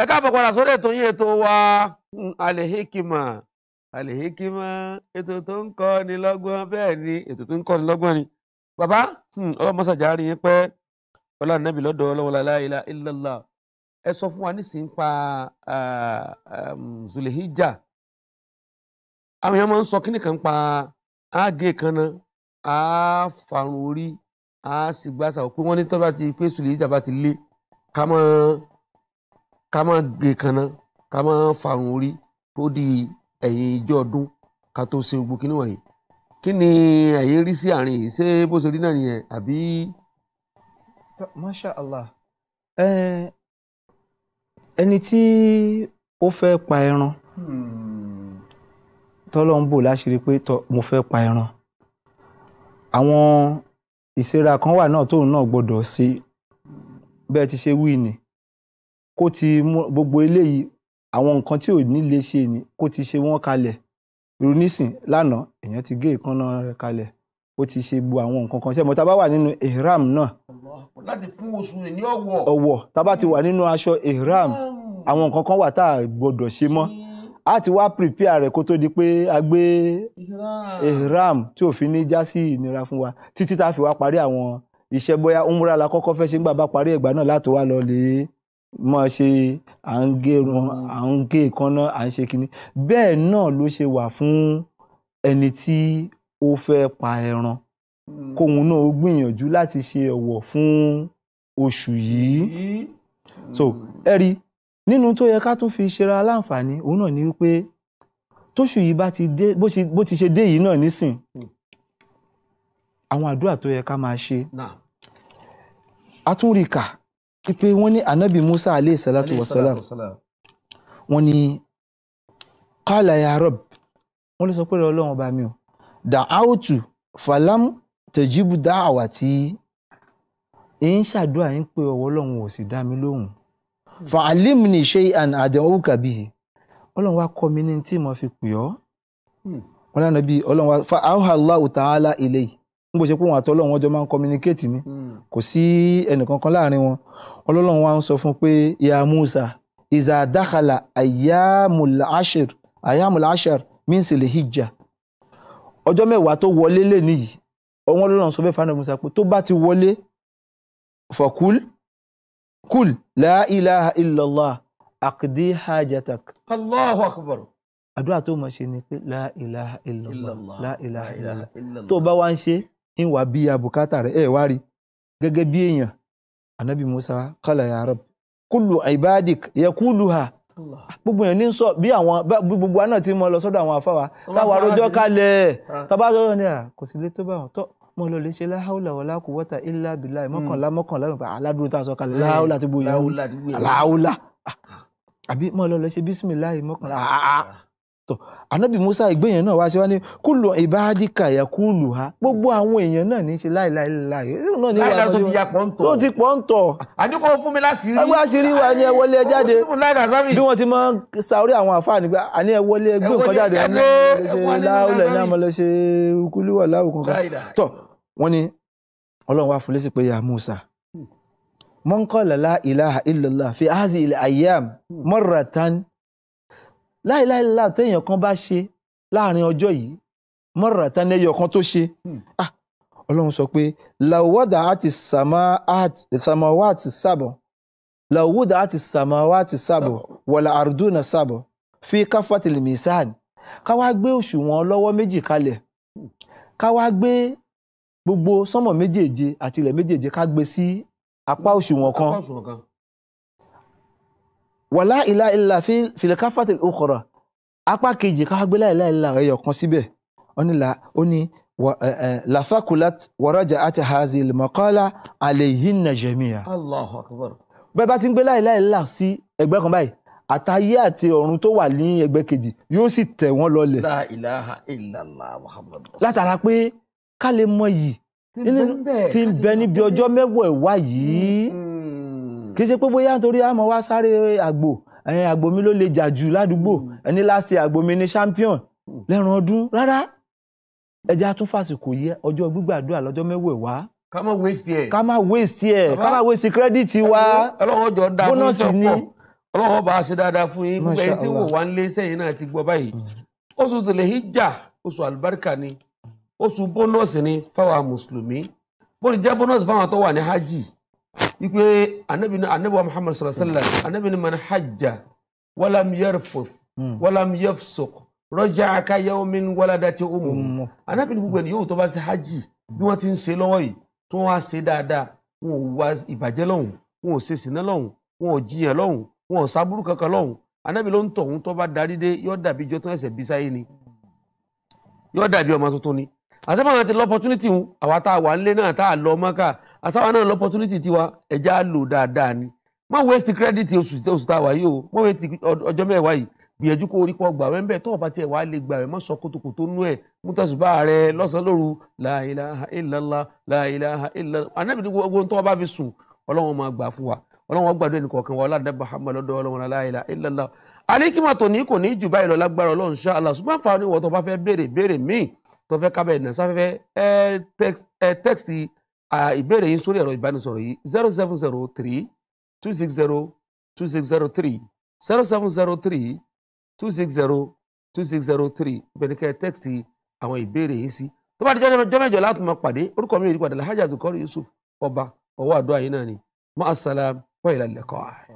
ẹ káàbọ̀ padà sórí ètò yín ètò wa hmm, alehikima alehikima ètò tó ń kọ́ ni lọ́gbọ́n bẹ́ẹ̀ ni ètò tó ń kọ́ ni lọ́gbọ́n ni bàbá hmm, ọlọ́mọsàjà rí yín pẹ́ ọlọ́nàbí lọ́dọ̀ ọlọ́wọ́ ẹ sọ fún wa nísìnyí pa zulehijja àwọn èèyàn máa kan pa a kan náà a orí a sì gbàsà pé wọ́n ní tọ́ba ti pé bá ti ká má gé kaná ká má fàrùn orí tó di ẹ̀yìn ìjọ ọdún ká tó ṣe gbogbo kíní wọ̀nyí kí ni ẹ̀yin rí sí àárín yìí ṣé bó ṣe rí náà nìyẹn àbí. masha allah ẹni tí ó fẹ́ pa ẹran hmm. tọ́lọ́ ń bò láṣìírí pé mo fẹ́ pa ẹran àwọn ìsera kan wà náà tóun náà gbọ́dọ̀ ṣe bẹ́ẹ̀ ti ṣe wí ni. Hmm kó ti mú gbogbo eléyìí àwọn nǹkan tí ò ní lè ṣe ni kó ti ṣe wọ́n kalẹ̀ irú nísìn lánàá èèyàn ti gé ìkànnà rẹ̀ kalẹ̀ ó ti ṣe gbogbo àwọn nǹkan kan ṣe mọ tá bá wà nínú ihram náà. láti fún oṣù rẹ̀ ní ọ̀wọ̀. ọ̀wọ̀ tá bá ti wà nínú aṣọ ihram hmm. àwọn nǹkan kan wà tá a gbọ́dọ̀ ṣe mọ́ a ti wá prepare rẹ̀ kó tó di pé a gbé ihram tí òfin ní já sí ìnira fún wa títí tá a fi wá parí àwọn iṣẹ́ bóyá umra la kọ́kọ́ fẹ́ ṣe ń gbà bá parí ẹ̀gbà náà láti lọ lè é e mọ́ ṣe à ń gérun à ń gé ìkànnà à ń ṣe kinní bẹ́ẹ̀ náà ló ṣe wà fún ẹni tí ó fẹ́ pa ẹran kóhun náà ó gbìyànjú láti ṣe ọ̀wọ̀ fún oṣù yìí so ẹ rí nínú tó yẹ ká tún fi ṣera láǹfààní òun náà ni wípé tóṣù yìí bá ti dé bó ti ṣe dé yìí náà nísìn àwọn àdúrà tó yẹ ká máa ṣe a tún rí kà pípé wọ́n ní anabi musa aleyhi salatu wa salam wọ́n ní qala ya rab wọ́n lè sọ pé ọlọ́run ọba mi o da'awtu falam tajibu da'awati ẹ̀ ń ṣàdúrà yín pé ọwọ́ ọlọ́run ò sì dá mi lóhùn fa alimni shay'an ad'uka bihi ọlọ́run wa kọ́ mi ní tí mo fi pè ọ́ hmm. wọ́n lánàá bí ọlọ́run wa fa awha Allahu ta'ala ilayhi bó ṣe pé wọn àti ọlọ́run wọn jọ máa ń communicate ni hmm. kò sí ẹnìkankan láàrin wọn ọlọ́run wa ń sọ fún pé ya musa iza dakhala ayyamul ashir ayyamul ashir min le hijja ọjọ́ mẹ́wàá tó wọlé lè nìyí ọwọ́n ọlọ́run sọ fẹ́ fanu musa pé tó bá ti wọlé fakul kul la ilaha illallah aqdi hajatak. allahu akbar àdúrà tó máa ṣe ni pé la ilaha illallah la ilaha illallah tó bá wá ń ṣe ń wá bí abùkátà rẹ̀ ẹ̀ wá rí gẹ́gẹ́ bí èèyàn anabi musa kala ya rab kulu ibadik yakuluha gbogbo yẹn ní sọ bí àwọn gbogbo àná tí mo lọ sọ́dọ̀ àwọn afáwa táwa rọjò kalẹ̀ tábà sọ́dọ̀ ni à kò sí lè tó bá wọn tọ mo lọ lè ṣe láhàúlà wọlá kò wọta ilá bìlá mọ́kànlá mọ́kànlá mi pa aládùúró tá a sọ kalẹ̀ láhàúlà ti bóyá láhàúlà ah. àbí mo lọ lè ṣe bísímìlá mọ́kànlá ah, ah, tọ anabi musa ìgbéyàn náà wá sí wa ní kúlù ìbáàdìkà yà kúlù ha gbogbo àwọn èèyàn náà ní í ṣe láìláì láì ìṣòro náà ní wàá tó ti ya pọ́ńtọ̀ tó ti pọ́ńtọ̀. àdínkù fún mi láṣìírí ẹgbẹ́ àṣírí wa ni ẹ wọlé ẹ jáde bí wọ́n ti máa ń sa orí àwọn àfáà nígbà àní ẹ wọlé ẹgbẹ́ nǹkan jáde ẹ ní láwùlẹ̀ ní àmọ́lẹ̀ ṣe kúlúwà láwù kankan. tọ wọn ni ọlọ́run wá fún lésì pé ya musa hmm. mọ́ńkọ́lá la ilaha illallah fi hazi ilẹ̀ ayyam hmm. marratan láìláìlá téèyàn kan bá ṣe láàrin ọjọ́ yìí mọ́ràtá ní ẹyọ kan tó ṣe hmm. ah, ọlọ́run sọ pé làwọ́dà àti sàmáwá àti sábọ̀ làwọ́dà àti sàmáwá àti sábọ̀ wọ̀là àrùdúnà sábọ̀ fi káfàtìlì mìsàn káwá gbé òṣùwọ̀n lọ́wọ́ méjì kalẹ̀ hmm. káwá gbé gbogbo sọ́mọ̀ méjèèje àti ilẹ̀ méjèèje ká gbé sí apá hmm. òṣùwọ̀n kan wàlá ìlà ìlà fìlẹ̀káfàtì òkòrò apá kejì ká gbé láìlà ìlà ẹ̀yọ̀ kan síbẹ̀ ó ní lafakulat waraja àti hazil mọ̀kọ́lá àlèyìn nàìjíríà. Allahu akbar. bẹ́ẹ̀ bá ti ń gbé láìláìlà sí ẹgbẹ́ kan báyìí àtayé àti ọ̀run tó wà ní ẹgbẹ́ kejì yóò sì tẹ̀ wọ́n lọlẹ̀. la ilaha illallah muhammad. látara pé ká lè mọ yìí tí ń bẹ níbi ọjọ́ mẹ́wàá ẹ̀wá yìí. Mm-hmm kì í ṣe pé bóyá nítorí àmọ́ wá sáré àgbò àgbò mi ló lè jà jù ládùúgbò hmm. ẹni láti àgbò mi ni champion lẹ́ran ọdún rárá ẹ jẹ́ á tún fàsìkò yẹ ọjọ́ gbígbàdúrà lọ́jọ́ mẹ́wẹ̀ẹ́wá ká má waste ẹ ká má waste ẹ ká má waste credit wa ọlọ́run jọ dá fún sọ́pọ̀ ọlọ́run bá a ṣe dáadáa fún yín gbogbo ẹni tí wò wá ń lé sẹ́yìn náà ti gbọ́ báyìí hmm. oṣù tòlẹ̀ hijja oṣù àlùbáríkà ni oṣù bónọ́ọ̀sì ni fáwọn mùsùlùmí bó ti jẹ́ bónọ́ọ̀sì fáwọn tó wà ní hajj wípé anabi anabi wa muhammad sallallahu alaihi wa sallam anabi ni man hajja walam yarfuth hmm. walam yafsuq rọjà akáyà omi waladati umu anabi ni gbogbo ẹni yóò tó bá ṣe hajj bí wọ́n ti ń ṣe lọ́wọ́ yìí tó wọ́n á ṣe dáadáa wọn ò wá ìbàjẹ́ lọ́hùn wọn ò ṣe sìnà lọ́hùn wọn ò jiyàn lọ́hùn wọn ò sábúrú kankan lọ́hùn anabi ló ń tọ̀hún tó bá darí dé yóò dàbí ijó tó ẹsẹ̀ bí sáyé ni yóò dàbí ọmọ tuntun ni àtẹ́bàwọn ti lọ wọn àwa tá a wà nílé náà tá a lọ Mákà àsáwọn náà lọ́pọ̀tunítì tiwa ẹ̀já lò dáadáa ni má waste credit oṣù oṣù tá a wà yìí o má waste ọjọ́ mẹ́wàá yìí gbìyànjú kó orí pọ̀ gbàwẹ́ ńbẹ́ tó ọ̀bá tiẹ̀ wàá lè gbàwẹ́ mọ́ sọ kótókótó nú ẹ̀ mútàṣùbà rẹ lọ́sàn-án lóru la ilaha illallah la ilaha illallah anábì ní gbogbo tó ọba fi sùn ọlọ́wọ́n máa gbà fún wa ọlọ́wọ́n gbàdúrà ẹnì kọ̀ọ̀kan la ilaha illallah alikima tòní kò ní jù báyìí lọ lágbára Ọlọ́run ṣá Allah ṣùgbọ́n fa ni wọ́n tó bá fẹ́ béèrè béèrè míì ìbéèrè yín sórí ẹ̀rọ ìbánisọ̀rọ̀ yìí zero seven zero three two six zero two six zero three zero seven zero three two six zero two six zero three ibẹ̀ ni kẹ́ ẹ tẹ́kìtì àwọn ìbéèrè yín sí tó bá di jọ́jọ́ mẹ́jọ láti máa pàdé orúkọ mi ìdí padà Alhaji Abdulkadir Yusuf ọba ọwọ́ àdúrà yìí náà ni mọ́ àsálàm wọ́n ìlànà ẹ̀kọ́ ààrẹ.